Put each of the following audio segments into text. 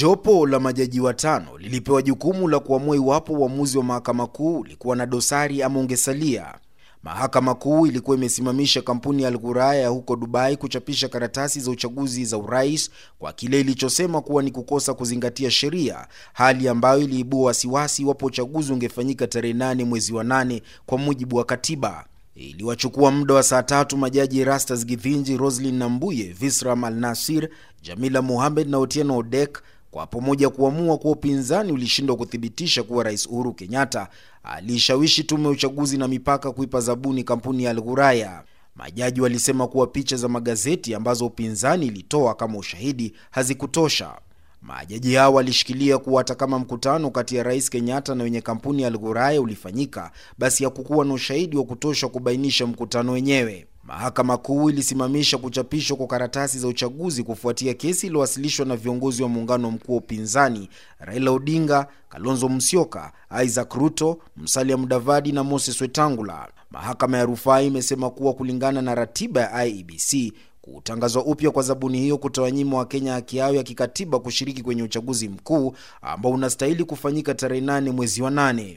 Jopo la majaji watano lilipewa jukumu la kuamua iwapo uamuzi wa mahakama kuu ulikuwa na dosari ama ungesalia. Mahakama kuu ilikuwa imesimamisha kampuni ya Al-Ghuraya huko Dubai kuchapisha karatasi za uchaguzi za urais kwa kile ilichosema kuwa ni kukosa kuzingatia sheria, hali ambayo iliibua wasiwasi iwapo uchaguzi ungefanyika tarehe nane mwezi wa nane kwa mujibu wa katiba. Iliwachukua muda wa saa tatu majaji Rastas Githinji, Roslin Nambuye, Visram Al Nasir, Jamila Mohamed na Otieno Odek kwa pamoja kuamua kuwa upinzani ulishindwa kuthibitisha kuwa Rais Uhuru Kenyatta alishawishi tume ya uchaguzi na mipaka kuipa zabuni kampuni ya Al Majaji walisema kuwa picha za magazeti ambazo upinzani ilitoa kama ushahidi hazikutosha. Majaji hao walishikilia kuwa hata kama mkutano kati ya Rais Kenyatta na wenye kampuni ya alghuraya ulifanyika, basi hakukuwa na ushahidi wa kutosha kubainisha mkutano wenyewe. Mahakama Kuu ilisimamisha kuchapishwa kwa karatasi za uchaguzi kufuatia kesi iliyowasilishwa na viongozi wa muungano mkuu wa upinzani Raila Odinga, Kalonzo Musyoka, Isaac Ruto, Musalia Mudavadi na Moses Wetangula. Mahakama ya rufaa imesema kuwa kulingana na ratiba ya IEBC, kutangazwa upya kwa zabuni hiyo kutawanyima Wakenya haki yao ya kikatiba kushiriki kwenye uchaguzi mkuu ambao unastahili kufanyika tarehe 8 mwezi wa 8.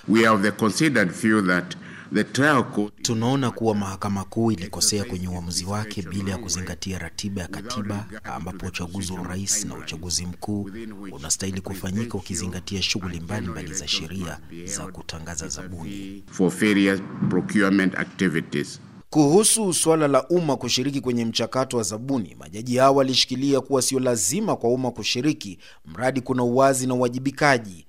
Tunaona kuwa mahakama kuu ilikosea kwenye uamuzi wake bila ya kuzingatia ratiba ya katiba, ambapo uchaguzi wa urais na uchaguzi mkuu unastahili kufanyika ukizingatia shughuli mbalimbali za sheria za kutangaza zabuni. Kuhusu suala la umma kushiriki kwenye mchakato wa zabuni, majaji hao walishikilia kuwa sio lazima kwa umma kushiriki mradi kuna uwazi na uwajibikaji.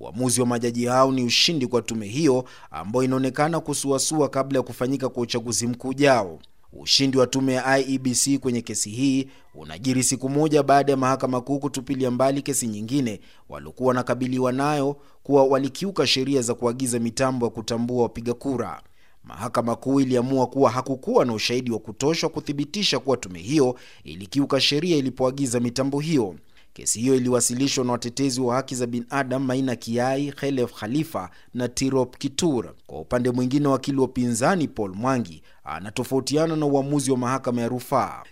Uamuzi wa majaji hao ni ushindi kwa tume hiyo ambayo inaonekana kusuasua kabla ya kufanyika kwa uchaguzi mkuu ujao. Ushindi wa tume ya IEBC kwenye kesi hii unajiri siku moja baada ya mahakama kuu kutupilia mbali kesi nyingine waliokuwa wanakabiliwa nayo kuwa walikiuka sheria za kuagiza mitambo ya kutambua wapiga kura. Mahakama kuu iliamua kuwa hakukuwa na ushahidi wa kutosha kuthibitisha kuwa tume hiyo ilikiuka sheria ilipoagiza mitambo hiyo. Kesi hiyo iliwasilishwa na watetezi wa haki za binadamu Maina Kiai, Khelef Khalifa na Tirop Kitur. Kwa upande mwingine, wakili wa upinzani Paul Mwangi anatofautiana na uamuzi wa mahakama ya rufaa.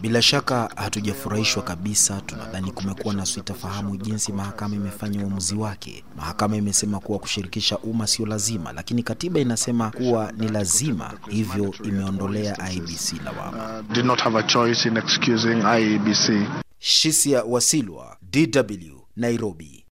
Bila shaka hatujafurahishwa kabisa. Tunadhani kumekuwa na sitofahamu jinsi mahakama imefanya uamuzi wake. Mahakama imesema kuwa kushirikisha umma sio lazima, lakini katiba inasema kuwa ni lazima, hivyo imeondolea IEBC lawama. Uh, Shisia Wasilwa, DW, Nairobi.